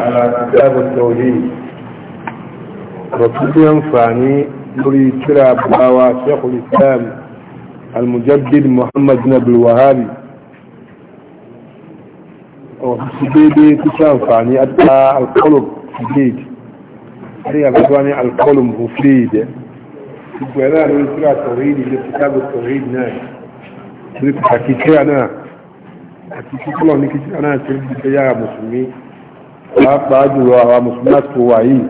على كتاب التوحيد وكل ينفعني نري ترى بلاوى شيخ الإسلام المجدد محمد بن عبد الوهاب وسبيدي تشانفعني أدى القلب سبيد هي غزواني القلب مفيد ولا نري ترى التوحيد اللي كتاب التوحيد ناي نريد حكي ترى أنا حكي ترى أنا كتير أنا تريد يا مسلمين pàápàá jùlọ àwọn musulmans tó wà yìí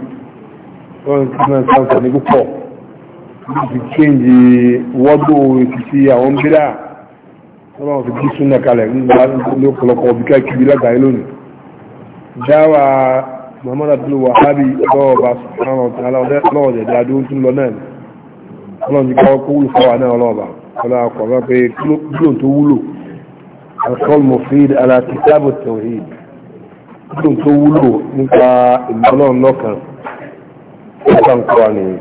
wọ́n tí wọ́n sáńsà ní púpọ̀ ti kéǹjì wọ́dọ̀ ìfìsí àwọn bídá wọ́n fi kí súnà kalẹ̀ ní ọ̀pọ̀lọpọ̀ bí káàkiri lágbàáyé lónìí dáwà muhammadu abdul wahabi lọ́ọ̀bá sọ̀rọ̀ àwọn ọ̀tá dùn tó wúlò nípa ìmọ̀lọ́run lọ́kàn nípa nǹkan wà nìyí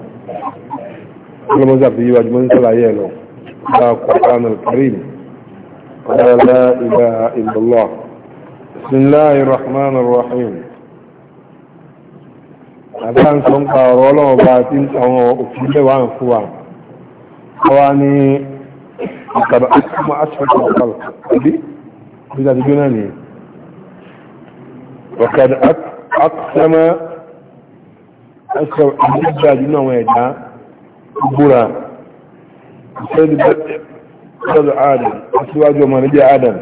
ọlọ́mọdé àti yíwá jùmọ́ ní sọ́láyé ẹ̀ lọ nípa kọ̀ọ̀kan alkarim ọ̀dọ́ la ilaha illallah bismillahir rahmanir rahim àbá ń sọ ń pa ọ̀rọ̀ ọlọ́wọ́ bá ti ń àwọn òfin lẹ́wà ń fún wa wá ní ìkàbà àti ọmọ aṣọ àti àbí ìgbésàdúgbò náà وقد أقسم أسر أجدى جنة ويجا برا سيد بدر آدم أسواج وما نجي آدم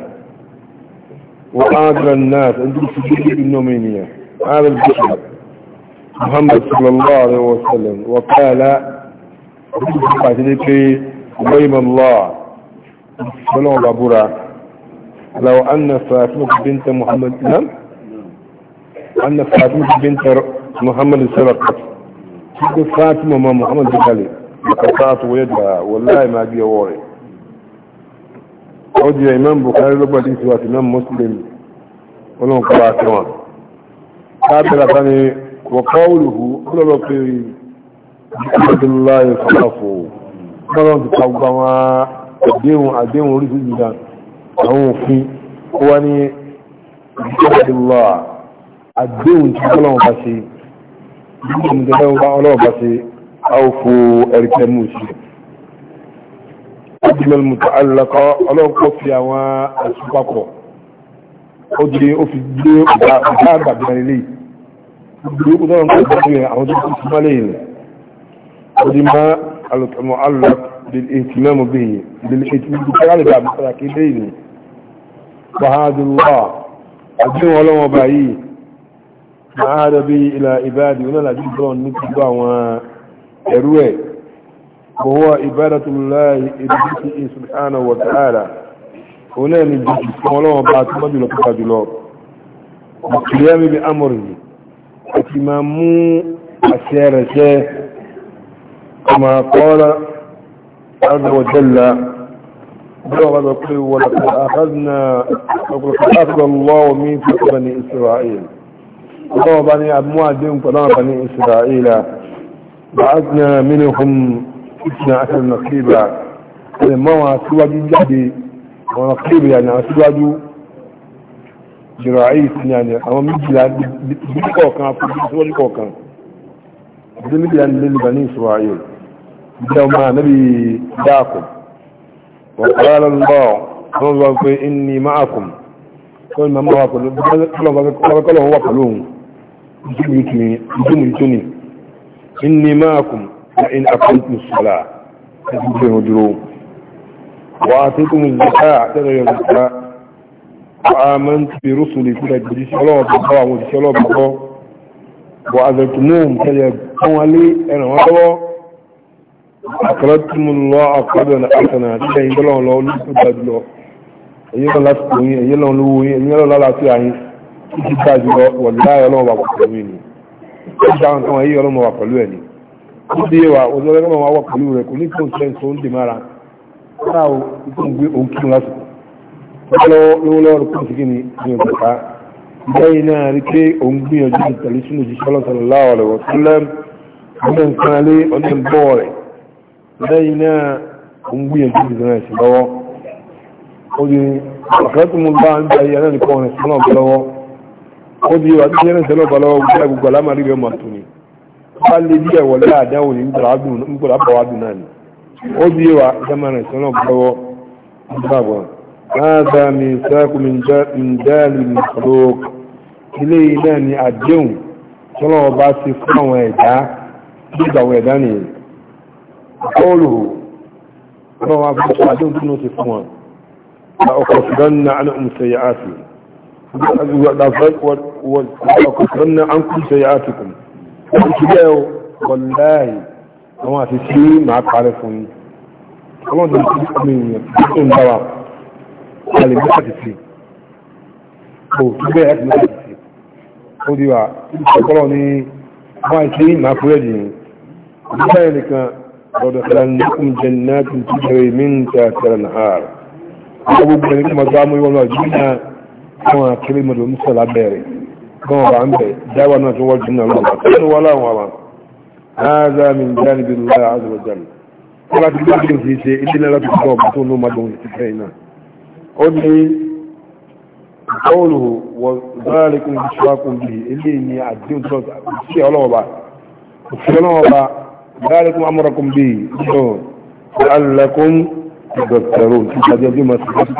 وآدر الناس عندهم سجد النومينية هذا البشر محمد صلى الله عليه وسلم وقال ويم الله فلو برا لو أن فاطمة بنت محمد نعم أن فاطمة بنت محمد سرقت تقول فاطمة ما محمد قال قطعت يدها والله ما بي وري أودي إمام بخاري لبا دي سوات إمام مسلم ولهم قراء كمان قابل ثاني وقوله قل له في عبد الله فخافوا قالوا تقوما أديهم أديهم رسول الله أهم في واني عبد الله àdéhùn tí ọlọ́wọ́ bá ṣe nígbà ní ọlọ́wọ́ ọlọ́wọ́ bá ṣe áwòfò ẹ̀rìkẹ́ mú sí ọdún mọ̀tò alùlọ́kọ́ ọlọ́wọ́ fi àwọn àṣùpapọ̀ ó di ó fi gbé ọ̀gá àgbà bí wọn lè gbogbo tó ń kọ́ sí àwọn tó ti súnmọ́ lẹ́yìn ó máa rẹ̀ bí ilà ìbáàdì onílàjú bọ́ọ̀n ní gbogbo àwọn ẹ̀rú ẹ̀ kọwọ́ ìbáàdàtúnláì ìdíjì ìsùnánà wọ̀tàrà onílẹ̀ ni jùsù fún ọlọ́wọ́n bá tó mọ́ jùlọ púpà jùlọ ìkìlẹ́mì bí amòrì àti máa mú àṣẹ rẹ̀ ṣẹ́ ọmọ أخذنا وقد أخذ الله من بني إسرائيل الله بني أبموا الدين فلا بني إسرائيل بعثنا منهم إثنى أسر نقيبا لما هو سواج جهدي ونقيب يعني سواج جرائيس يعني أما مجلا بيكوكا فبيكوكا بيكوكا لبني إسرائيل بيكوكا نبي داكم وقال الله الله إني معكم قل ما معكم قال الله هو قلوهم jimintuni inni ma'akum wa in aqamtum as-salah tajibun hujuru wa atikum az-zakata tajibun az-zakata wa amantu bi rusuli kula jiji solo ba wa mo solo ba ko wa azatumuhum tajibun wali ana wa ko akratum Allah aqadana asana tayin dolo lo lu ba yin eyin lo lu yin eyin lo la la títí bá jùlọ wọ̀lúláyà ọlọ́wọ́ wà pẹ̀lú ẹni ó dá nǹkan wọ̀nyí ọlọ́wọ́ wà pẹ̀lú ẹni ó dé wa olóòrẹ́ ọlọ́wọ́ pẹ̀lú rẹ̀ kò ní kí n sẹ́ ń dè mára rárá o ni ní ọ̀pọ̀ ká lẹ́yìn náà rí pé òun gbìyànjú ìtẹ̀lé sínú òjíṣẹ́ ọlọ́sọ̀rọ̀ láwọ̀ rẹ̀ wọ̀ sílẹ̀ ọdẹ nǹkan lé ọdẹ ń bọ̀ rẹ̀ lẹ́yìn náà òun gbìyànjú ìdíjọ́ ẹ̀sìn bá ń bẹ ẹ̀yẹ náà nìkan ọ̀rẹ́sìn náà lọ́wọ́ wọ́n di wàá tẹ́lẹ̀ sẹ́lẹ̀ balọ́wọ́ gbogbo agbègbè alámàrí rẹ̀ mà tó ni wọ́n lé díẹ̀ wọlé àdáwò ní nígbàlá àbáwá dùn náà ni wọ́n di sẹ́mẹ̀rẹ̀ sẹ́lẹ̀ balọ́wọ́ nígbà wọn. هذا ميثاق من دال المخلوق إليه ناني أدعو صلى الله عليه وسلم وإدعا nígbà àwọn ẹ̀dá nìyẹn ọlùhù ọlọ́wọ́ abúrúkú àdéhùn tó ní ó ti fún wọn ọkọ̀ ṣùgbọ́n ní ọmọ ìṣẹ̀yà وكفرنا عنكم سيئاتكم وانتباعوا والله وما في شيء ما تعرفوني الله ده من من دوا قال لي ما في هو تبعت ما في ودي وا قالوني ما في ما فرجي ذلك ودخلناكم جنات تجري من تحتها الانهار أبو بكر ما قاموا يقولوا جنات àwọn akéré mọ̀lẹ́ oníṣẹ́ lábẹ́rẹ̀ gan ọba ń bẹ̀ dáwà náà tó wọ́n jìnnà lọ́wọ́ tó wọ́n láwọn àmà áádá mi ń dá níbi lọ́wọ́ àzọ̀jàn wọ́n láti gbé ọdún sí ṣe ilé náà láti gbọ́ ọ̀bùn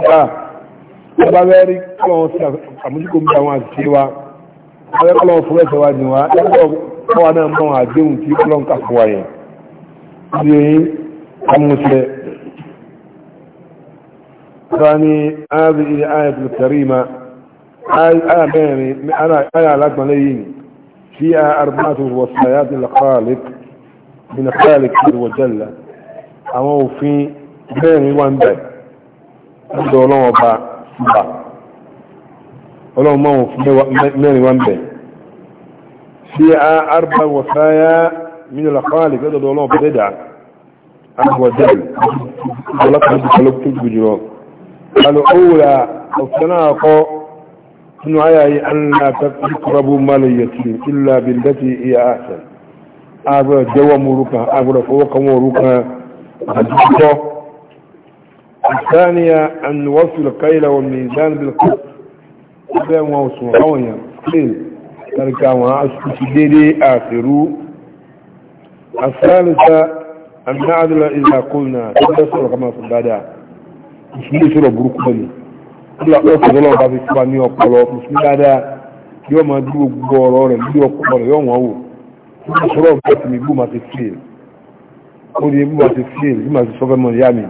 tó ọba bẹ́ẹ̀rí kọ́lọ́wọ́ sí àmójúkò mi àwọn àti wa ọba kọ́lọ́wọ́ fún ẹ̀sẹ̀ wa nìwá ẹ̀kọ́ kọ́wa náà mọ́ àdéhùn tí kọ́lọ́n kà fún wa yẹn ní ẹ̀yìn amúṣẹ́ sani ayàbí ilẹ̀ ayàbí kàríma ayàbẹ̀rin ayà alágbọ̀nlẹ̀ yìí fi arbáàtù wọ̀sàyàtì lakalik bin khalik wajalla àwọn òfin bẹ́ẹ̀rin wà bẹ̀ ọdọ̀ ọlọ́wọ́ bá ìgbà ọlọ́run máa mẹ́rin wá ń bẹ̀ sí àárùbá wọ̀sáyá mílíọ̀lá fáàlì gẹ́gẹ́ ọlọ́run bẹ̀rẹ̀ dà àwọ̀dẹ́ ọlọ́pàá ti kọlọ́ tó gbù jùlọ al'ura ọ̀fẹ́nà akọ́ nínú ayayi an na kọrọbù malin yẹtì illa bindati iya asan agbẹ̀rẹ̀ jẹ́wọ́ mú rúkan agbẹ̀rẹ̀ fọwọ́ kan mú الثانية أن نوفي القيل والميزان بالقسط بين وصول حوانيا قيل تركا وعشق ديري آخرو الثالثة أن نعدل إذا قلنا تدسر كما صدادا مسلمي سورة بروكبني كل أوف ظلو بابي سباني وقلو مسلمي دادا يوم أدلو بورور يوم أقبر يوم أهو كل سورة بابي بوما تفيل قولي بوما تفيل بوما تفيل بوما تفيل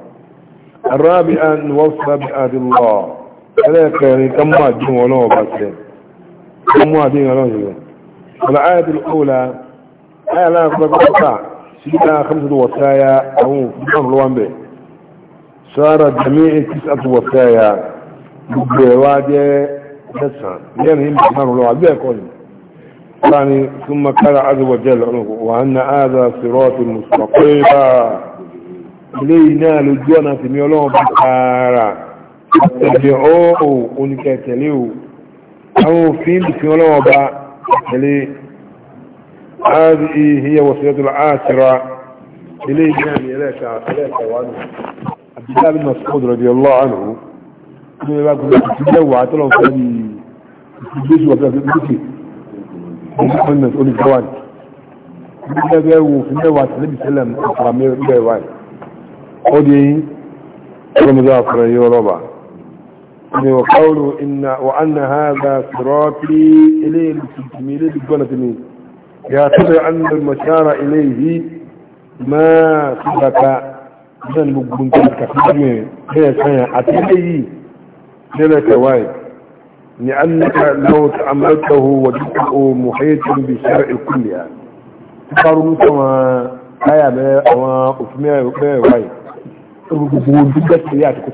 رابعا وصف بأهل الله فلا يكري كم واجهون ولو بسين كم واجهون ولو بسين والآية الأولى آية لا أخبرك أصدقائها سيدة خمسة وصايا أو بطن نعم الوان به صار جميع تسعة وصايا بواجه تسعة يعني هم بطن الوان به كل يعني ثم قال عز وجل وأن هذا صراط مستقيم eléyìí náà lójú ọ̀nà tèmi ọlọ́run bá tààrà tẹ̀lé ọ́ọ̀ oníkẹ́ o àwọn òfin ìfin ọlọ́run bá tẹ̀lé áàrí ìhìyẹ wọ̀sílẹ́tò láàṣírà eléyìí náà ni ẹlẹ́ẹ̀kà ẹlẹ́ẹ̀kàwánù àbíjáàbí masoud rọ̀dí قدي ومذاكرة يوربا وقولوا إن وأن هذا صراطي إليه لتكميل يا يعتبر أن المشار إليه ما سبق من بنتك خدمه هي كان أتيه ذلك واي لأنك لو تعملته وجدته محيط بشرع الكلية يعني تقارنوا كما هيا ما أسمع واي gbogbo dúgbà tẹ̀lé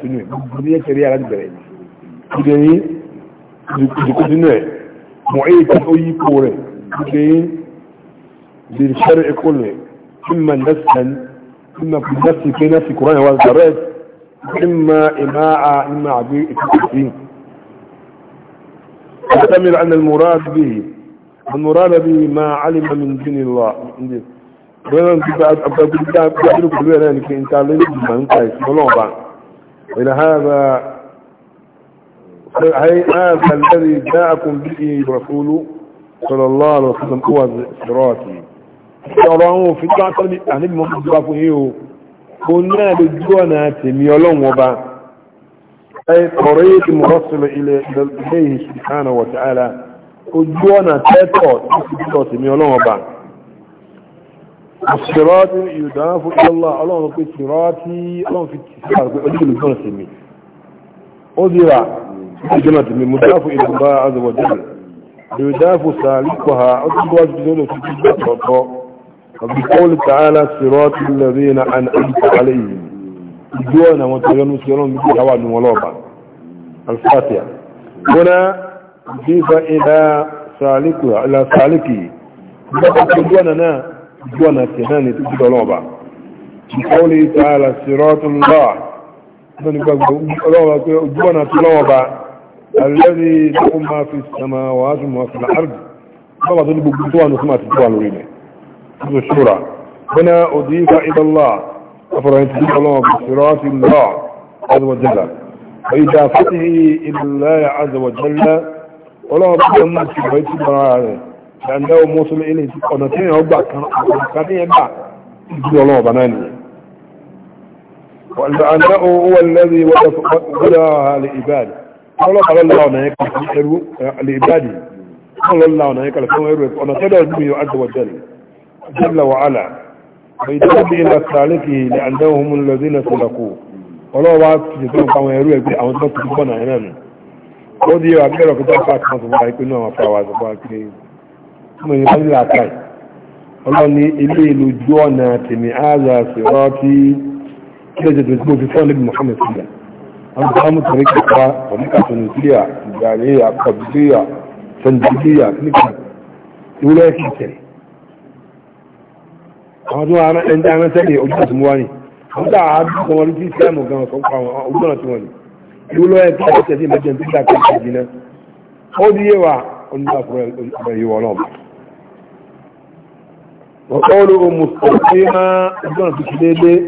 àti إما نفسا إما بالنفس في نفس القرآن والزرات إما إماعة إما عبيد التحسين أن المراد به المراد به ما علم من دين الله bẹ́ẹ̀rẹ̀ ti gba agbẹ́gbẹ́gbẹ́ agbẹ́gbẹ́ pẹ̀lú ẹ̀rẹ́ ní kí n ta lórí ìgbà ń ta ìfọ́lọ́ọ̀bá ìlà hàbà lẹ́rí dáàkùn bí i rọ̀fúlú sọ̀rọ̀lọ́ àrọ̀ sílẹ̀ kó wà sírọ́ọ̀tì ọ̀rọ̀ àwọn òfin tó àtọ́ ní àníbi mọ́ fún ìjọba fún yín o kò náà lè jú ọ̀nà tèmi ọlọ́run ọba ẹ kọ̀rọ̀ yìí ti mọ̀rọ̀ sílẹ̀ ilẹ̀ ilẹ̀ ìṣìkánà wọ̀tàálà ojú ọ̀nà tẹ́tọ̀ tó fi jùlọ tèmi ọlọ́run ọba sirati yudafu ilallah ọlọ́run pé sirati ọlọ́run fi ti sára pé ojú ìlúgbọ́n sí mi ó dira ìjọba tèmi mudafu ilallah azọwọjẹlẹ yudafu sàlì kọha ó ti gbọ́ ju lọ́dọ̀ tó ti gbà tọ̀tọ̀ ọ̀bí kọ́ọ̀lù tààlà sirati lẹ́rìnà àn àyíká aléyìn ìjọ ọ̀nà àwọn tó yọnu sí ọlọ́run bí wà nù wọn lọ́ọ̀bà alfatiha kúnà bífa ilà sàlìkì جوانا تهاني تجد لوبا بقوله تعالى صراط الله جوانا تلوبا الذي لهم في السماوات وما في الأرض طبعا تلبوا بجوان وسمات الجوان وريني هذا الشورى هنا أضيف إلى الله أفرأيت تجد الله بصراط الله عز وجل وإضافته إلى الله عز وجل ولا ربما تبعيت برعاه dáadáa o mọ́sọ́lé ilé tí ọ̀nà tí èèyàn gbà kan ọ̀nà kan tí èèyàn gbà ìjú ọlọ́wọ́ bá náà nìyẹn dáadáa o wọ́n lẹ́rí wọ́dọ̀ alẹ́ ìbáàdì ọlọ́pàá lọ́la ọ̀nà yẹn kàlẹ́ fún ẹrú eh, alẹ́ ìbáàdì ọlọ́la ọ̀nà yẹn kàlẹ́ fún ẹrú ọ̀nà tẹ́lẹ̀ ọdún yóò àjọ wọ́jẹ́lẹ̀ jẹ́lẹ̀ wàhálà ìdájọ́ ilẹ̀ sàlẹ́kì ilẹ̀ àdáhùn lọ́dún ilẹ̀ sọ̀lọ́kù ọlọ́wà ti tó ti ọmọ yìí wáyé làákà yìí ọlọ́run ní ilé ìlú ju ọ̀nà tèmi ààrẹ àṣírọ́ tí kílẹ̀ jẹ́ tó fi fọ́ọ̀lì Muhammad sílẹ̀ an samu tarikata tarika tunisiya jariya kabziya sanjibiya nika dole ya kike àwọn tó wà ní ẹni sẹ́lẹ̀ ojú àti múwá ní àwọn tó àádọ́ kan wọlé tí ìsìlámù gan ọ̀sán pa àwọn ojú ọ̀nà tí wọ́n ní ìlú lọ́yẹ̀ tí wọ́n tẹ̀sí وقوله مستقيما ابن في كديده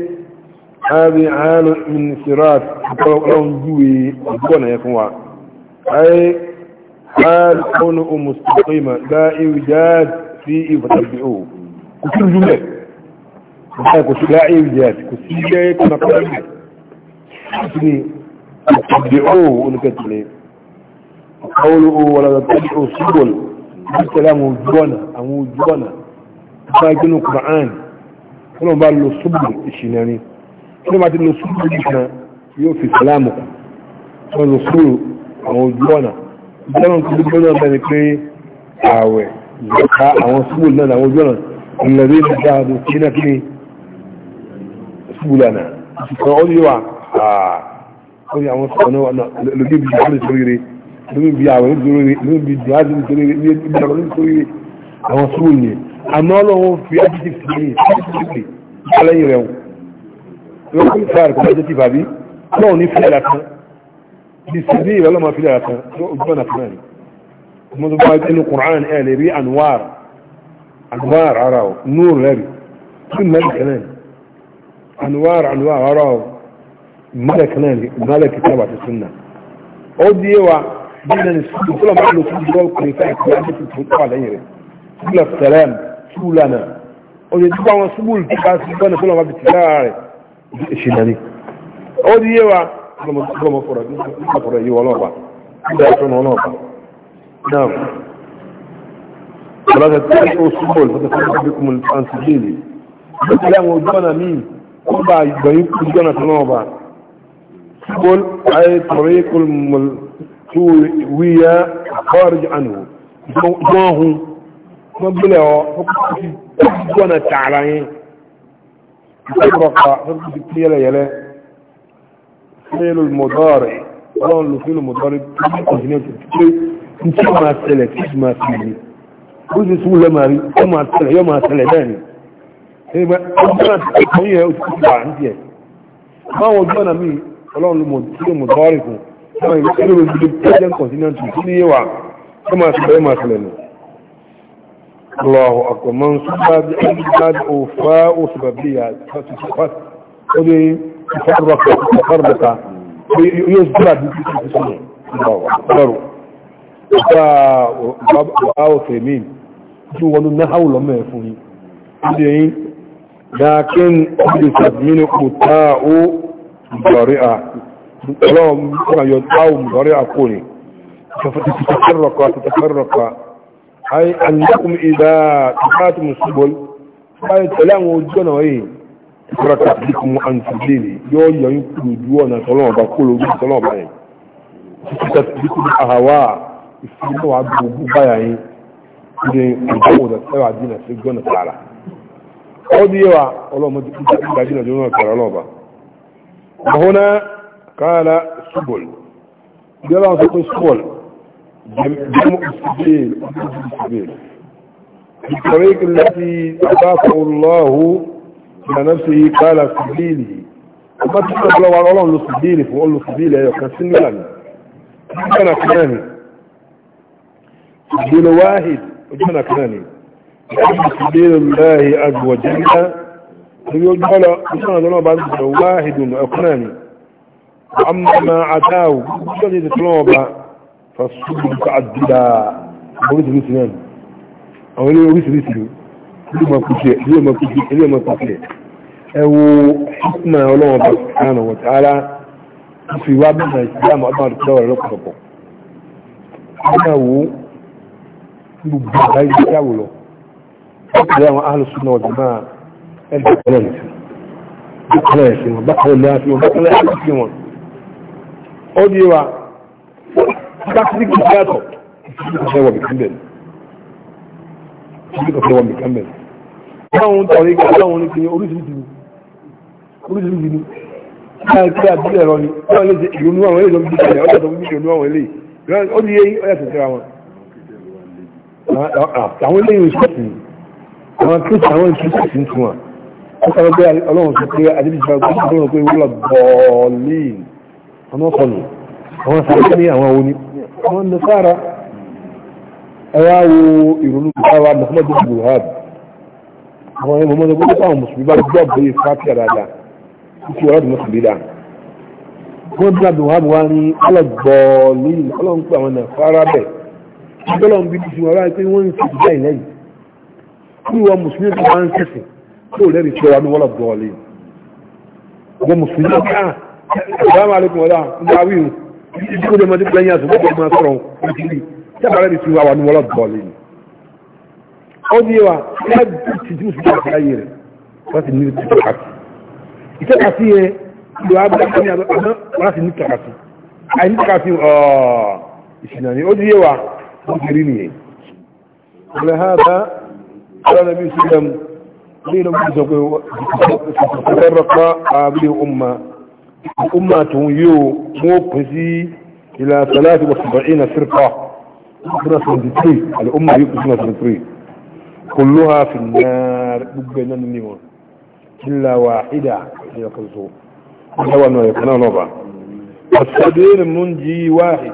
هذه عال من صراط قولهم جوي ابن يكون اي حال قوله مستقيما لا ايجاد في فتبعوه كل جمله لا ايجاد كسيده كما قال فتبعوه ونكتله قوله ولا تتبعوا السبل السلام وجوانا او وجوانا bá gbénu Quran wọn bá lo ṣubú ìṣìnà ni wọn bá ti lo ṣubú nìkan yóò fi sàlámù wọn lo ṣubú àwọn ojú ọ̀nà ìjọba tó gbogbo náà bẹ̀rẹ̀ pé ààwẹ̀ zaka àwọn ṣubú náà àwọn ojú ọ̀nà ìlẹ̀rí ìjà àbò kí náà kí ni ṣubú lánàá ìṣùkọ́ ó yíwa ààrẹ àwọn ṣubú náà lóbi bí ìjà àbò sórí rẹ̀ lóbi bí ààwẹ̀ lóbi bí ìjà àbò sórí rẹ̀ lóbi bí ìjà àbò sórí rẹ̀ àwọn àmọ́ ọlọ́run fi adjective sí ní ìsìnkú ìsọ́lẹ́yìn rẹ̀ wọ́n kò fáàrì kò adjective àbí náà ní fílẹ̀ lásán bí sí bí ìrọ̀lọ́ máa fílẹ̀ lásán tó ojú ọ̀nà fún ẹ̀rí ọmọ tó bá ẹnu kùnrán ẹ̀ lè rí anwar anwar ara ọ̀ núr lẹ́rì tún mẹ́rin kanáà anwar anwar ara ọ̀ mẹ́rin kanáà mẹ́rin tú lànà ó lè dúpọ̀ àwọn súbúlù tó bá sí bọ́ọ̀nù fúnra wọn bí ti lára rẹ̀ ṣe nàní. ó di yé wa ọlọmọ fọ̀rọ̀ nípa fọ̀rọ̀ yìí wọ́n náà wà nígbà tó náà náà wà. náà wọ́n lọ́sẹ̀ tí ó súbúlù tó fẹ́ fún bí kùmù àǹtí léèlè. ó ti láwọn ojú ọ̀nà míì ó bá ìgbọ̀nyí ojú ọ̀nà tó náà wà. súbúlù ayé tọ̀rọ̀ yẹ kó mọ̀ tó wíyá kọ́ọ̀rì àná. ìgbọ̀n wọ́n gbélé ọ gbọ́nà tààrà yín ìfẹ́kọ̀ọ́kọ́ tó ti pín yẹlẹyẹlẹ fílù mọ̀dọ́rì ọlọ́run lò fílù mọ̀dọ́rì tó ti kọ̀ sínú ètò pé n tí máa ṣẹlẹ̀ tí ti máa ṣẹlẹ̀ ni ó sì sùn lẹ́màá rí ó máa ṣẹlẹ̀ yóò máa ṣẹlẹ̀ bẹ́ẹ̀ ni ẹgbẹ́ ọjọ́ mi ọlọ́run lò fílù mọ̀dọ́rì fún ọlọ́run lò fílù wa ó máa ṣẹlẹ̀ yóò máa ṣẹlẹ̀ ni. الله أكبر من صفى بأمجاد أوفاء سببية ودي تفرق تفرق يزداد الله أكبر أو ثمين شو قالوا نحو لما يفوني ودي لكن أبلس من قطاع مضارئة الله يطاع مضارئة قولي تتفرق تتفرق ay annakum idha tafatum subul ay talan wujuna way raka bikum an tudili yo yan ku duona tolon ba ko lo bi tolon ba yin ta bikum ahawa ifinu wa gugu baya yin de ko da tawa dina se gona tala o diwa olomo di da dina jona tala lo ba hona kala subul diwa so ko subul جمع السبيل السبيل الطريق التي أعطاه الله إلى نفسه قال سبيله ما تقول لو على الله سبيله فقول له سبيله أيوه كان سنة لنا يعني. كان كناني سبيل واحد كان كناني جمع سبيل الله عز وجل يقول له كان الله بعد واحد أكناني أما ما عتاه كان يتطلب fasubu ka adida oríṣiríṣi náà àwọn ilé oríṣiríṣi ilé ma kú jẹ ilé ma kú jẹ ilé ma kú jẹ ẹ wo hikma ọlọ́wọ́n bá sàánà wọ̀ tààrà fi wá bí na ìsìlámù ọdún àdúgbò rẹ̀ lọ́pọ̀lọpọ̀ ọdún àwò gbogbo àgbáyé ìgbé àwò lọ ọkùnrin àwọn alùsùn náà ọdún máa ẹgbẹ́ ọlọ́run sí wa تحريك ذاته تحريك سوا بيكمل تحريك سوا بيكمل láwọn tọ̀ríkà láwọn oníkiri orísìírísìí orísìírísìí ní láti àbí ẹ̀rọ ni wọ́n lè ṣe ìrònú àwọn ilé ìjọba ìjọba ìjọba ìjọba ìrònú àwọn ilé ó ní yéyí ọ̀yà tẹ̀síra wọn àwọn ilé ìrònú sí àwọn kírísì àwọn ìkírísì sí fún wa wọ́n sọ pé ọlọ́run sọ pé adébísọ̀ ọlọ́run pé wọ́n lọ bọ̀ọ̀lì ọmọkọlù àwọn sàkẹ́ ní àwọn oní àwọn nasara ẹwà wo ìrònú ìpáwà muhammadu buhari àwọn ẹmọ mọ́tò gbogbo àwọn mùsùlùmí bá gbọ́ àgbóyè fàtíà dáadáa títí ọ̀rọ̀ dùn mùsùlùmí dáa wọ́n bí buhari wá ní ọlọ́gbọ̀ọ́lù ọlọ́run pé àwọn nasara bẹ̀ ọlọ́run bí bí wọn ráyé pé wọ́n ń fi ìdá ìlẹ́yìn kí wọ́n mùsùlùmí tó máa ń ìdíkò dẹ̀ mọ́tí pẹ̀lẹ́yìn àti gbogbo ọmọ sọ̀rọ̀ ìdílé sábàárẹ̀ bí ti wà wà ní wọ́lọ́ bọ̀ọ̀lì ni ó ní wa ẹ ti tí mùsùlùmí àti ayé rẹ̀ wọ́n ti ní tàkàtì ìtàkàtì yẹn ìlú abúlé ní àbọ̀ wọ́n ti ní tàkàtì àìní tàkàtì ọ̀ ìṣìnà ni ó ní wa ó ti rí nìyẹn ọ̀lẹ́ ha ta ọ̀rọ̀ nàbí sùgbọ́n ní ìlú mùsùlùmí sọ pé al'umma tun yóò mú pín sí ila salati wa saba'ina firqa suna 73 al'umma yóò pín suna 73 kulluha fi nar gbogbo nan ni wọn illa wahida ni ya kanso ya wa no ya kana no ba asadin munji wahid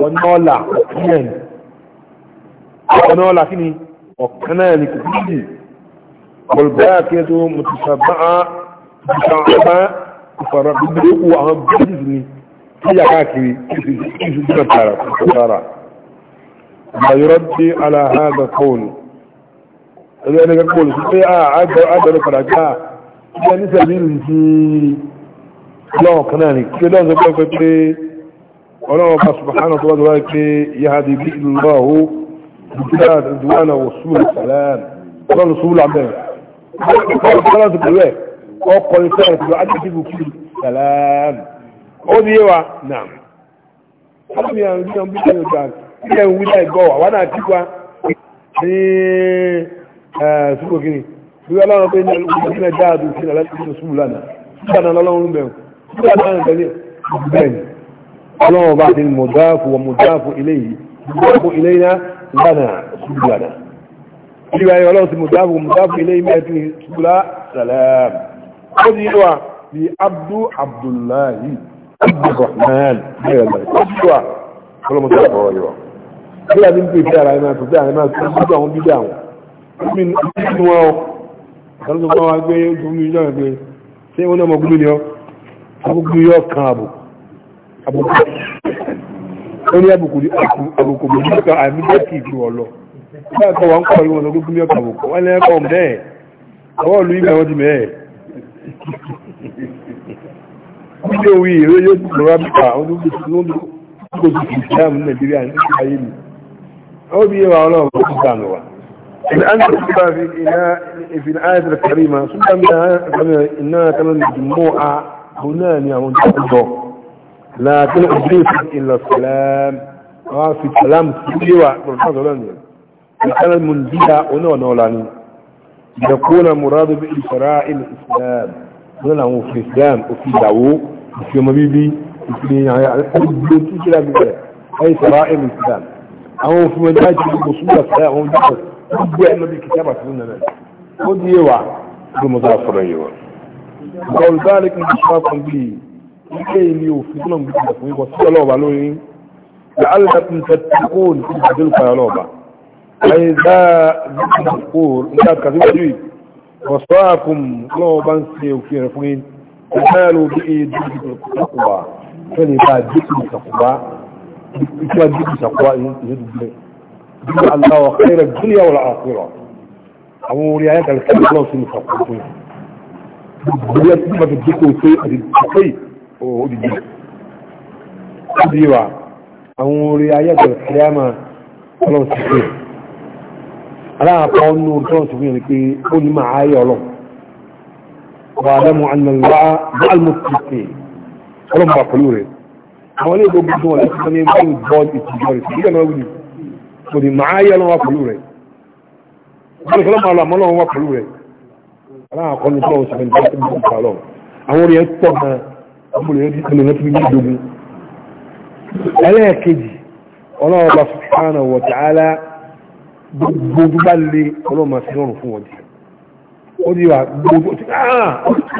wa nola kiyan wa nola kini wa kana ni kuji wal baqiyatu mutasabba'a mutasabba'a fara gbogbo ikú àwọn bíjìs ni kíyà káàkiri ìsù jẹ́ tààrà tààrà bayọrọ tí aláhàgà kọ́ọ̀nù ẹgbẹ́ ẹni kọ́ọ̀nù sí pé àgbẹ̀rẹ̀ padà gbà kí ẹni sẹ́bílì sí lọ́wọ́ kanáà ni kí lọ́wọ́ sọ pé pé ọlọ́wọ́ bá subhanahu tó bá wáyé pé yahadi bí ìlọ́wọ́ dùkúdà dùwánà wọ̀ súlù sàlẹ̀ ọlọ́run súlù àbẹ̀rẹ̀ ọkọ̀ ìfẹ́ ìfẹ́ adìsíbù kí sàlámù ó ní wa náà sábàmì àwọn ìdílé ọmọ bíi ọjà ilé ń wílẹ̀ ìgbọ́ wà wà náà tíwa ní ṣùgbọ́n kiri ìwé ọlọ́run pé ní ìdílé dáadùn sí ìlànà ìdílé ṣùgbọ́n lánàá ṣùgbọ́n náà lọ́lọ́run bẹ̀rù ṣùgbọ́n náà bẹ̀rù bẹ́ẹ̀ ni ọlọ́run bá ti mọ̀dáàfù wọ mọ̀dáàfù ilé yìí mọ̀dáàfù ilé iná lánà ṣùgbọ́n lánàá ìwé ọlọ́run ti mọ̀dáàfù mọ̀dáàfù ilé iná ti ṣùgbọ́n sàlámù ó ní wa bí abdu abdullahi abdulrahman bẹ́ẹ̀ lọ́wọ́ ó ní wa ọlọ́mọdé àbọ̀rọ̀ yìí wa bí a ní ń pè fẹ́ ara ẹ̀ma tó bí àwọn ẹ̀ma tó ń gbọ́dọ̀ àwọn bíbí àwọn omi nínú wọn o kan tó kọ́ wa gbé gbúmi yọ gbé ṣé wọn náà mọ gbúmi ni ọ abúgbúmi yọ kan àbò àbùkù ó ní àbùkù ní àbùkù méjì kan àmì bẹ́ẹ̀kì ìlú ọ̀lọ́ báyìí kọ́ wa ń kọ́ Ilé orí ìró yóò ti lọ́wọ́ bí pa olóògbé tí ó ń lò kó ti fi ìṣẹ́ àmì Nàìjíríà ní ìṣẹ́ ayé mi. Ó bí ẹwà ọlọ́run kò tún dànù wá. الآن تبقى في في الآية الكريمة سبحانه إنها كمان مجموعة هنا يوم تقضى لكن أدريس إلا السلام وفي السلام سيوا بالحظ لن كان المنزلة ونو نولاني يكون المراد بالشرائع الإسلام هنا هو في الإسلام وفي دعوه وفي مبيبي وفي أي شرائع الإسلام أو في منهاج المصولة هم دعوه قد يعمل بكتابة هنا قد يوع بمضافر يوع وقول ذلك مشراط به لكي ليو في ظلم بكتابة وصلى الله عليه لعلكم تتقون في ذلك يا لوبا أي ذا مذكور ذات كثير وصاكم لو بنسي وفي رفقين تنالوا بإيديك التقوى فلي فاجئك التقوى يتواجئك التقوى يدب جمع الله خير الدنيا والآخرة أمور يعيك الكلام الله سنة تقوى الدنيا تبقى تدك وسيء التقوى ودي أديوا أمور يعيك الكلام الله سنة ala. nínú tọ́ọ̀tù pé ó ní máa ayé ọlọ́ ọlọ́mà pẹ̀lú rẹ̀ àwọn ilé ìgbógun rẹ̀ gbogbo tó bá lé ọlọ́mọ sí ọrùn fún wọn jù ó di wa gbogbo tí ọ̀rọ̀ ah,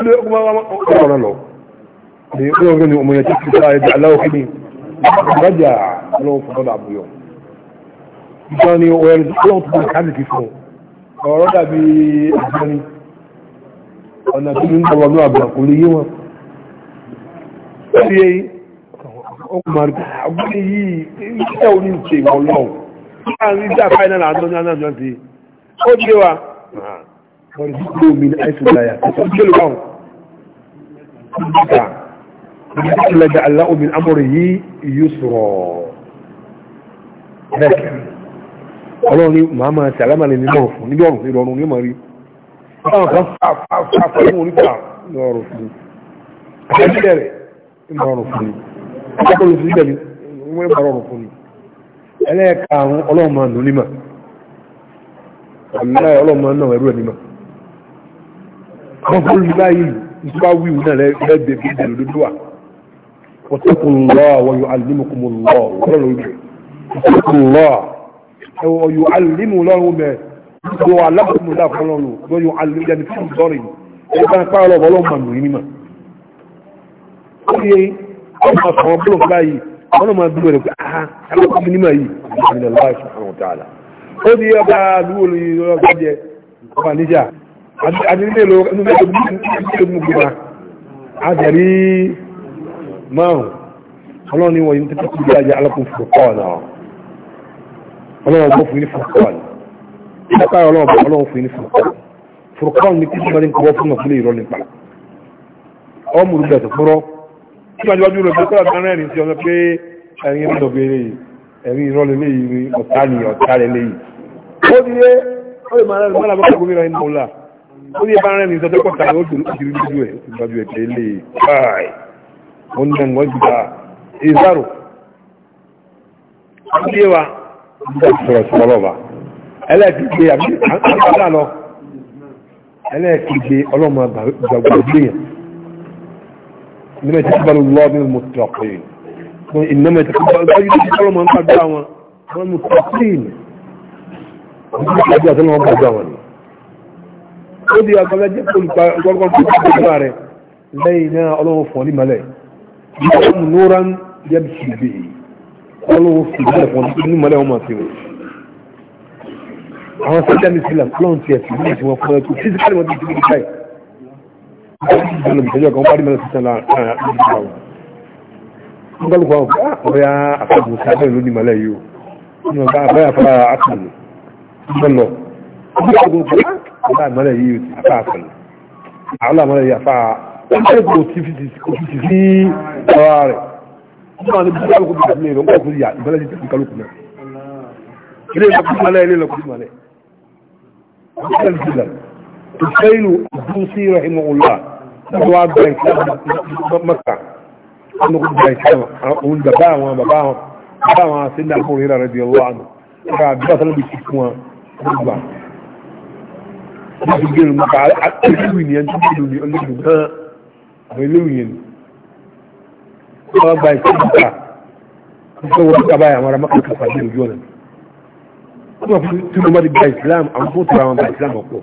lọ ní ọlọ́run ní ọmọ yẹn tí kò sára ẹ̀dá aláwọ̀ kí ni ìgbàjà ọlọ́run fún ọdọ àbúyọ ìjọ ni ọ̀rẹ́ ọlọ́run tó bá káàdì kì fún ọ̀rọ̀ dàbí àjọni ọ̀nà tó ní ọwọ́ ní àbúrò kò lè yé wọn ó rí ọkùnrin àgbọ̀n yìí iṣẹ́ oníṣẹ́ ìwọ̀n láàrin ìjà fáìnà àádọ́ náà náà ti ó dé wa wọ́n ti kúrò mi ní ọlọ́run ní máa ti alámàlẹ́ nínú ọ̀fun níbi ọ̀rùn ìrọ̀rùn ní màá rí báwọn kan fàáfàáfà ní oníkà ní ọ̀rọ̀ fún mi àti ẹgbẹ́ rẹ̀ ń fún mi ẹlẹ́ẹ̀karùn ọlọ́mọ nù nímọ̀ ọ̀lá ọlọ́mọ náà ẹrú ẹ̀ nímọ̀ kọ́kọ́lù báyìí nípa wíwú náà lẹ́gbẹ̀ẹ́ bí ìdèrò dúdú wà ọ̀tọ́kùn lọ́ àwọn yóò alìmùkùn lọ́ ọ̀rọ̀ lórí ọ̀tọ́kùn lọ́ ẹwọ̀ yóò alìmù lọ́rùn mẹ́ gbọ́ alábùkùn dà fún lọ́rùn wọ́n máa dúró rẹ̀ pé aha ẹlọ́kọ́ mi nímọ̀ yìí àmì ọ̀lá subhanahu wa ta'ala ó di ọba àdúgbò lọ́gbà jẹ ọba níjà adílé lọ inú mẹ́tò mú gbọ́nà àjẹrí márùn ọlọ́run ni wọ́n yìí tẹ́tẹ́ kú jáde alákùn fòkọ́ọ̀nà ọlọ́run gbọ́ fún ní fòkọ́ọ̀nà ìdápá ọlọ́run bọ̀ ọlọ́run fún ní fòkọ́ọ̀nà fòkọ́ọ̀nà ni kí ìgbàjúwájú rẹ̀ pẹ̀lú ọ̀gbẹ̀rẹ̀ rìn sí ọmọ pé ẹ̀rin ìrọ̀lẹ̀ ẹ̀rin ìrọ̀lẹ̀ lẹ́yìn ọ̀tá ni ọ̀tá rẹ̀ lẹ́yìn ó ní ẹ́ ó lè máa rẹ̀ mọ́lá bọ́kà gómìnà inú ọlá ó ní ẹbá rẹ̀ rìn sọ́jọ́ pọ̀tà ó jù lójú lójú ẹ̀ ìgbàjú ẹ̀ pé lè báyìí ó ní ẹ̀ngọ́ ẹlẹ́ẹ̀kìgbé ọlọ́mọ àgbàgbà gbéyàn إنما يتقبل الله من المتقين إنما يتقبل الله يتقبل من قدامه من المتقين حاجات لهم قدامه ودي أقول جبت القرقر في الجبارة لينا الله فولي ملاي يقوم نورا يمشي به الله في الجبارة فولي وما سيوه àwọn sọ́jà ní sílẹ̀ lọ́n ti ẹ̀sìn ní ìṣòwò fún ẹ̀kú sí ìjọba ìjọba kan wárí mẹ́rin sísan láàrín wọn gọ́lù kan ọ̀yá àfàbù sábẹ́ lónìí mọ́lẹ̀ yìí o ní ọba àbáyà fara àtàlù ìjọlọ ọgbọ́n kan ọba àmọ́lẹ̀ yìí àfà àtàlù àwọn àmọ́lẹ̀ yìí àfà ọgbọ́n ti fi sí ọwá rẹ̀ ọgbọ́n ni bí kálukú bí kálukú lè rọ́gbọ́n kú yà ìbálẹ̀ ti fi الحسين الدوسي رحمه الله هو عبد الإسلام مكة أنه قد الإسلام أقول باباه باباه باباه سيدنا أبو هريرة رضي الله عنه عبد الله صلى الله عليه وسلم يقول المكة على أكلوين ينجلوني يقول لهم ها ويلوين هو عبد الإسلام يقول لك أبايا مرة مكة كفاجين جونا ثم في تلو مدى الإسلام أنفوت رحمه الإسلام أقول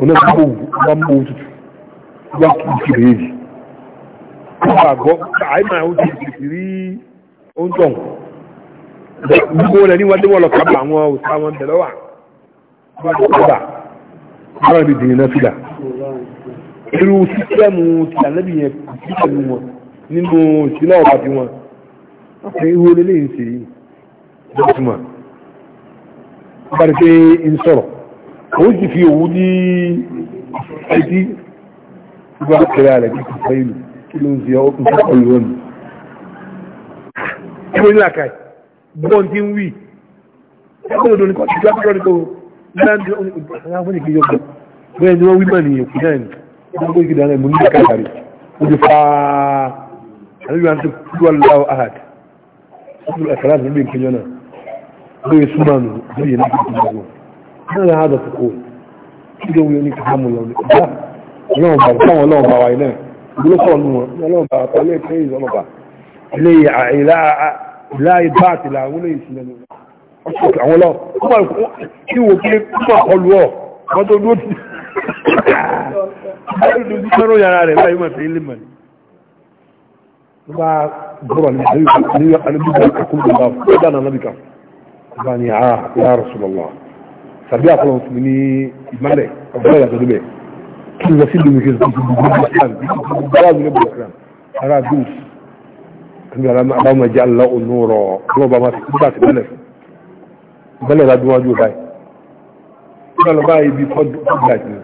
olóògbò gbọ́mbò òtútù gbọ́ kìí rèéjì ọba àgọ́ àìmà òtù ìrì oúnjọ gbogbo rẹ̀ ní wọ́n lọ kábà àwọn òsà wọn tẹ̀lọ́ wà gbọ́dọ̀kọ́bà ara ibi dìrì náà fìlà irú sísẹ́mù ti àlẹ́bì yẹn kìí pẹ̀lú wọn nínú ìsílẹ̀ ọ̀bà tí wọn ọkùnrin ihu olélẹ́yìn sí ìjọba tí wọn bá rí pé ń sọ̀rọ̀ ó sì fi òun ní ẹdí gbogbo akẹrẹ rẹ̀ kí kò fẹ́ ìlú kí ló ń ṣe ọ́ kún fún ọ̀lú ọ̀nà kí ló ń làkàì bọ́n tí ń wí ẹgbẹ́ òdò ní kọ́tù jákúrọ́ ní kò láńdí àwọn fún ìkíjọ kan bẹ́ẹ̀ ni wọ́n wí mọ̀ ní èkú náà ni wọ́n kó ìkíjọ náà mú ní ìkà àkàrí ó ti fa àlejò àti kúrò aláwọ̀ ahad ó ti àkàrà àti níbi ìkíjọ náà bóyá súnmọ́ nù bóyá náà kò tó náà hádọ̀ kòkó kíjọ wí ní kàhámù lọ ní ọjà ọlọ́run bá fáwọn ọlọ́run bá wa iná ìgbóló sọ̀rọ̀ nù wọn ọlọ́run bá wa ilé ìfẹ́ ìzọ́nà bá ilé ìláyé bá àti làwọn ilé ìsinmi ọ̀ṣọ́ àwọn lọ kí wo kí kúmọ̀ kọlu ọ̀ wọ́n tó dúró ti sọ́rọ̀ yàrá rẹ̀ láyé mọ̀ sí ilé mọ̀ ní bá gbọ́rọ̀ ní àríwá àríwá àríwá àkúrò bá dáná nábìkà bá ní àá yá Rasulullah tàbí àkọlọ̀ fún mi ní ìmọ̀lẹ̀ ọ̀gbọ́n ìyàtọ̀ níbẹ̀ kí n lọ sí lómi kejì gbogbo gbogbo islam gbogbo aláàbò ní bọ̀lá kram ara dùn níbi aláàmà jẹ́ alá ònú rọ̀ lọ́wọ́ bá máa fi kúrò àti mẹ́lẹ̀ fún mẹ́lẹ̀ bá dúnwájú báyìí nígbà lọ báyìí bí fọ́dúnláì ni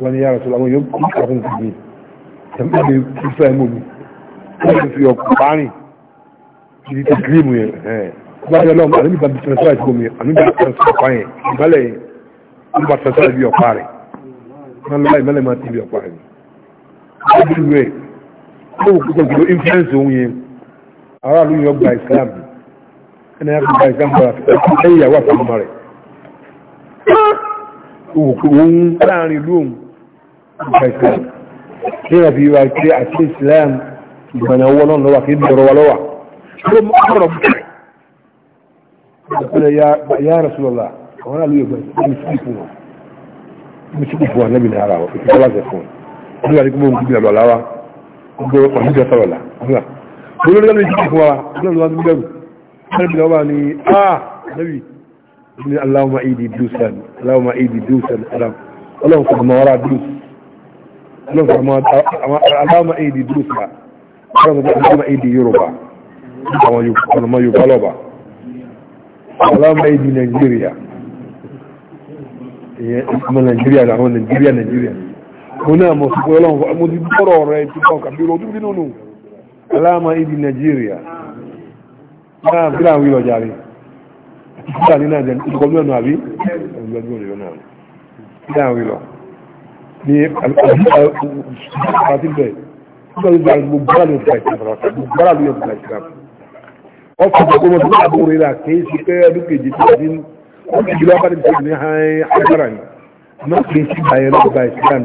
wọ́n ní yàrá tó láwọn yóò kú àfún fún mi tẹ̀mí mi kí fẹ́ mú mi wọ́n ti fi ọkọ̀ párìn kí ni ti gírímù yẹn báyọ̀ náà àníbi bá bìtẹ̀rẹ̀sọ́ àti omi àníbi bàtẹ̀rẹ̀sọ́ ọ̀pá yẹn ìbálẹ̀ yẹn níbi bàtẹ̀rẹ̀sọ́ àti ọ̀pá rẹ̀ náà lọ́wọ́ ìbálẹ̀ máa ti ibi ọ̀pá rẹ̀ ó bí rẹ̀ ó wù kókò kìló influence òun yẹn ará ló yọ gba Islam ẹni yà gba Islam bọ̀rọ̀ àti ẹ̀yìn ìyàwó àti ọmọ rẹ̀ ó wù kó òun láàrin ìlú òun gba Islam ní ìrọ̀bí wa pé àti Islam ìgbàna owó náà lọ́wọ́ àti ìdọ̀rọ̀ wa lọ́wọ́ ìpínlẹ̀ ya Rasulullah àwọn aláwọ̀ yóò bẹ̀rẹ̀ mùsùlùmí fún wọn mùsùlùmí fún wọn lẹ́bi ní ara wọn ìfẹ́ wọn láti fún wọn nígbà tí gbogbo nǹkan lọ láwa gbogbo ọ̀hún jẹ́ sọ̀rọ̀ là nígbà gbogbo lọ́dọ̀ yìí fún wa lọ́dọ̀ wa gbẹ̀rù lẹ́bi lọ́wọ́ ni a lẹ́bi ní aláwọ̀ ìdí dùsàn aláwọ̀ ìdí dùsàn alam ọlọ́run fún ọmọ wàrà dùs ọlọ́run fún ọmọ aláwọ̀ ìdí dùsàn ọlọ́run fún ọmọ ìdí yorùbá àwọn ọmọ yorùbá ọlọ́mọ ìdí nàìjíríà ọmọ nàìjíríà àwọn nàìjíríà nàìjíríà mo náà mọ̀ sí pé ọlọ́run mo ti bọ́rọ̀ rẹ̀ ti kọ́ kàbí ojú nínú nù aláàmà ìdí nàìjíríà náà bí láwọn ìlọjà rẹ̀ títà ní náà jẹ́ ìkọ̀ mẹ́nu àbí ọjọ́ ìlọ náà bí láwọn ìlọ ní àti bẹ́ẹ̀ wọ́n fi gbogbo wọn tó bá àbúrò rẹ̀ kìí ṣe pé ọdún kejì tó dín wọ́n ti jùlọ bá dìbò ní agbára yìí wọ́n kìí ṣe báyẹn lọ́dọ̀ bá ìsìlám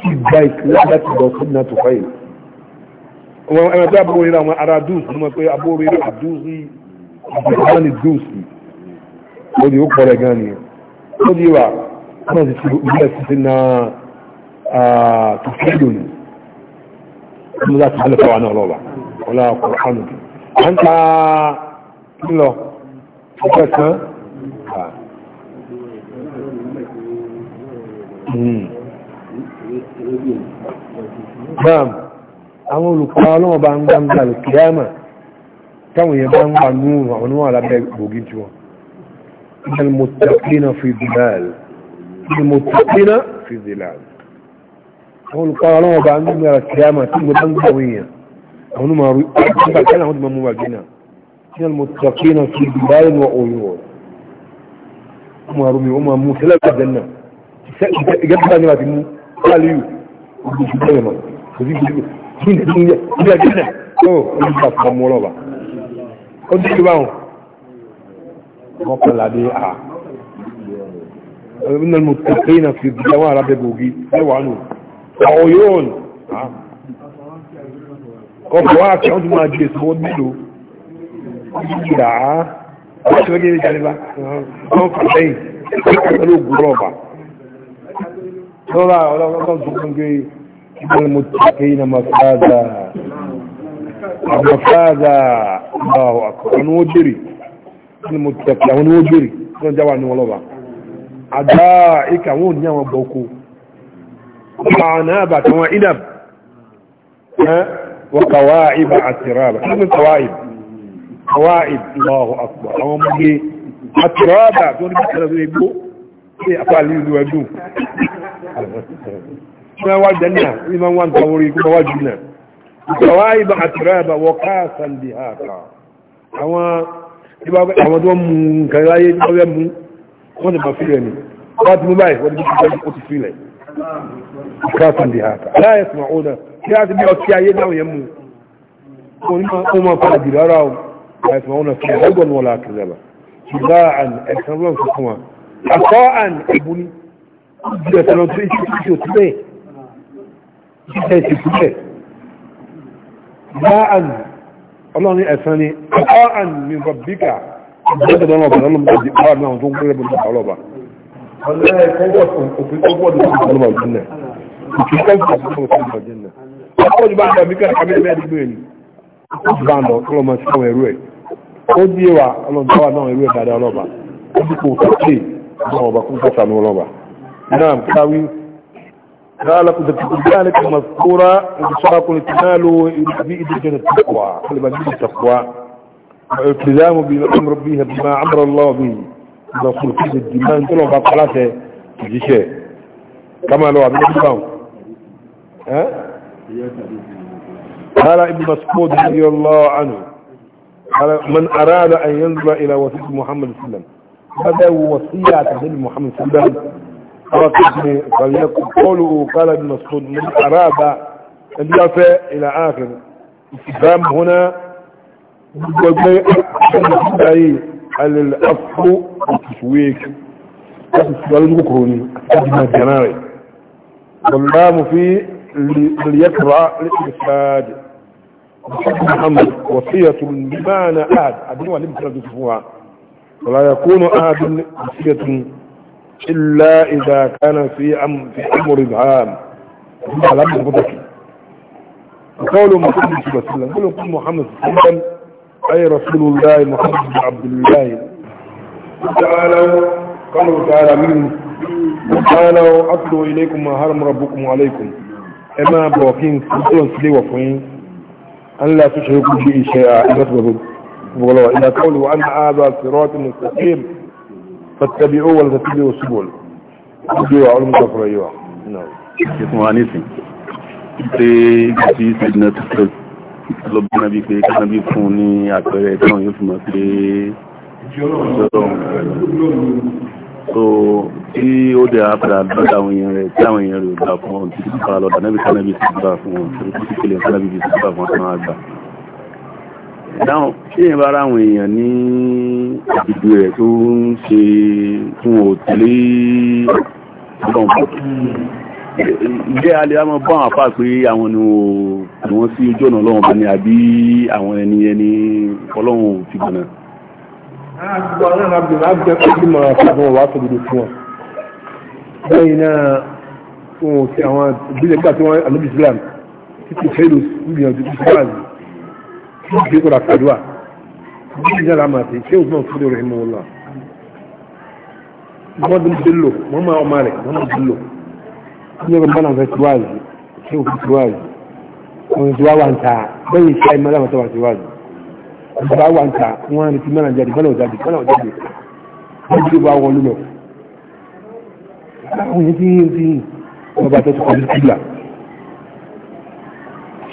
ti gba ìsìlám láti lọ fún náà tó fáyé. wọn ẹ̀rọ pé àbúrò rẹ̀ àwọn ará dùs ni wọ́n pé àbúrò rẹ̀ àdúsí àbúrò ní à ń ta lọ ọ̀pẹ̀ kan bam hmm. àwọn olùkọ́ ọlọ́mọba ń gbangba lè kíyàmà táwọn èèyàn bá ń gbà ní àwọn oníwọ̀n alábẹ́ gbòógì tí wọn ilmùtàkínà fi dìláàl ilmùtàkínà fi dìláàl àwọn olùkọ́ ọlọ́mọba ń gbangba lè kíyàmà tí mo bá ń gbà wọ́n àwọn ọmọ àwọn ọmọ ìkàlẹ̀ àwọn ọmọ ọmọ àgbẹ̀nà kí wọ́n mọ̀ tàkì náà fi báyìí ní ọ̀yọ́ ọmọ àrùmí ọmọ àmú sílẹ̀ ìgbàdàn náà ìgbàdàn náà ni wà ti mú káàlíyù ọdún ìṣúgbọ́n yẹn mọ̀ kò sí gbogbo kí ni ìdíyẹ ilé ẹgbẹ́ náà ó ń gbà fún ọmọ ọlọ́ba ó dé ìlú àwọn wọ́n pẹ̀lú adé à ọmọ ìkàlẹ̀ náà fi báyìí ní ọ̀yọ́ ọkọ̀ wá àti ọdún máa jù èsì wọ́n nílò ìgbà ọ̀ṣẹ́gẹ́ ní jàdílá wọ́n kà lẹ́yìn pẹ̀lú ògùrọ̀ ọ̀bà lọ́la ọlọ́gbọ́n tó kún gbé ìgbà mo tàkì iná mafáàdà mafáàdà báwọ̀ àwọn ó jèrè ní mo tàkì àwọn ó jèrè wọ́n jáwà ní ọlọ́ba àdá ìkà wọn ò ní àwọn bọ́kú ọ̀nà àbàtàwọn ìdàb وقواعب اترابا شنو القواعب قواعب الله اكبر او مجي اترابا دون مثلا يبو ايه افعل يلو يدو ما وجدنا لما وان توري كما وجدنا قواعب اترابا وقاسا بهاكا او àwọn tó mú nǹkan láyé tó rẹ̀ mú wọ́n ti bá fílẹ̀ ni wọ́n ti mú báyìí wọ́n ti bí i kí láti bí ọtí ayé náà yẹn mú wọn máa padà jù rárá o àìsàn wọn fi ẹgbọn wọn láti zẹba ṣùgbọ́n àn ẹ̀sán lọ́n fi fún wa àkọ́ àn ẹ̀bù ni ju ẹ̀sán lọ tó iṣẹ́ tí o ti bẹ́ẹ̀ iṣẹ́ ti fi bẹ́ẹ̀ bá àn ọlọ́run ẹ̀sán ni àkọ́ àn mi bọ̀ bíkà ìgbésẹ̀ lọ́nà ọ̀bà lọ́nà ọ̀bà bá àwọn tó ń gbé ẹ̀bùn ọlọ́ba ọlọ́run ẹ̀kọ́ wọ̀ fún òfin tó gbọ́dọ̀ fún ọlọ́ba ọ̀dún náà òfin tó gbọ́dọ̀ fún ọlọ́ba ọ̀dún náà akọ́jú bá ń lọ bíkẹ́ àmì ẹ̀mẹ́ ẹ̀dígbò ẹ̀mí akọ́jú bá ń lọ ọlọ́mọ sí àwọn ẹ̀rú ẹ̀ ó dí ẹwà ọlọ́mọdáwà náà ẹ̀rú ẹ̀ dáadáa ọlọ́ba ó dí kò fàṣẹ àwọn ọba kún sàṣàánú ọlọ́ba náà káwí ذلك ذلك مذكورا انتصارك لتنالوا بإدرجة التقوى فلمجد التقوى والالتزام بأمر بها بما أمر الله به الرسول في الدمان تلوم بقلاته الجيشة كما لو عبد الله ها قال ابن مسعود رضي الله عنه قال من أراد أن ينظر إلى وصية محمد صلى الله عليه وسلم هذا وصية محمد صلى الله عليه وسلم فليقل قوله قال ابن مسعود من أراد أن يرفع إلى آخر الاسلام هنا هل الأصل والتشويك السؤال المكروني أجمع الجناري والله فيه ليقرأ الإسناد محمد وصية بمعنى أحد أدنوا لم تردفوها ولا يكون أحد وصية إلا إذا كان في أم في أمر عام هذا لم وقول محمد صلى الله عليه وسلم قل محمد صلى الله عليه وسلم أي رسول الله محمد بن عبد الله تعالى قالوا تعالى منه وقالوا أتلو إليكم ما هرم ربكم عليكم ẹ máa bọ̀ kí n tó ń sílé wọ̀ fún yín an la tu shirku bi shay'a nasbabu wala ila qawli wa anna hadha siratun mustaqim fattabi'u wa la tattabi'u subul ojú àwọn olùmọ̀sọ̀fọ̀rọ̀ yìí wà náà ṣe bí nàbí pé so tí ó dẹ̀ apẹ̀lá lọ́dà àwọn èèyàn rẹ̀ tí àwọn èèyàn rẹ̀ gbà fún wọn tí ó fara lọ́dà nẹ́bí kánẹ́bí sí gbà fún wọn tí ó sì kéle kánẹ́bí sí gbà fún wọn tí wọ́n gbà. dáhùn tí èèyàn bá ara àwọn èèyàn ní ìdìbò rẹ̀ tó a lè á máa bọ́ àwọn afá pé àwọn ni wọ́n sí ojú ọ̀nà ọlọ́run bá ní àbí àwọn ẹni ẹni ọlọ́run ò fi gbọ̀nà gbogbo àwọn ará abdul náà jẹ́ pé bímọ àfihàn wà tó dúdú fún ọ lẹ́yìn náà wọn ò sí àwọn ìbílẹ̀ gbà tí wọ́n alóbi islam títí fẹ́lú gbìyànjú islam tí wọ́n gbé kọ́ra fàdúà bí ìjà làmà sí ṣé òfin òfin rẹ̀ mọ́ wọn lọ. mọ́dún bello wọ́n máa ọmọ rẹ̀ mọ́dún bello wọ́n yẹ kó mọ́nà fẹ́ tiwáàzì ṣé òfin tiwáàzì òfin tiwáwà ń ta bẹ́yìn iṣẹ́ ìmọ́lá ọba wà ń ta wọ́n rìn sí mẹ́rin jáde mẹ́rin òjáde mẹ́rin òjáde wọ́n jí bá wọlú lọ àwọn yẹn tí yín sí wọ́n bá tẹ́tù kọjú sílà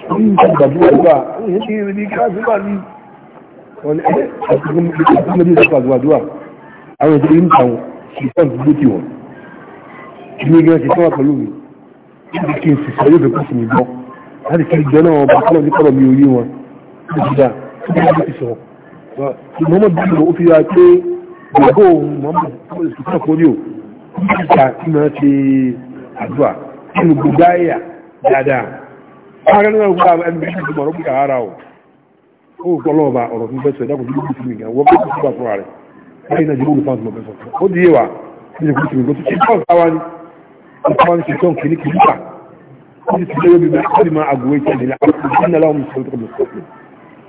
wọ́n yín tí gbàgbé wọ́n bá àwọn yẹn tí yín sí káàdì wà ní wọ́n ẹ̀ ọ̀sùn mẹ́rin sí káàdì wà dúwà àwọn yẹn tí yín tàwọn sí pọ́ǹ tó gbótì wọn kí ni gan ṣe fún wa pẹ̀lú mi kí kí n sì sọ yóò fẹ́ kó sì mi gbọ́ láti kí ìjọ náà wọn bá kọ́ kíkọ́ ló ti sọ Muhammad Bello ó fi ra pé gbogbo ohun Muhammad sùkúrà polio nígbà tí máa ṣe àdúrà nínú gbogbo àyà dáadáa wọn akẹ́kọ̀ọ́ náà gba ẹni bí ṣe mọ̀rọ̀ bíkà ara o ó gbọ́ lọ́wọ́ bá ọ̀rọ̀ tó ń bẹ́sọ̀ ẹ̀dá kò dúró bùtù nìkan wọ́n bẹ́sọ̀ tó bá fún ààrẹ lẹ́yìn náà jẹ́ olùfà tó bẹ́sọ̀ ó di yéwà ní ìkú tìmí lọ́tún ṣe tọ́ọ̀ táwa ni ọ̀pọ̀ wọn ṣe tọ́ kìíní kìíní kà ó ti ti lé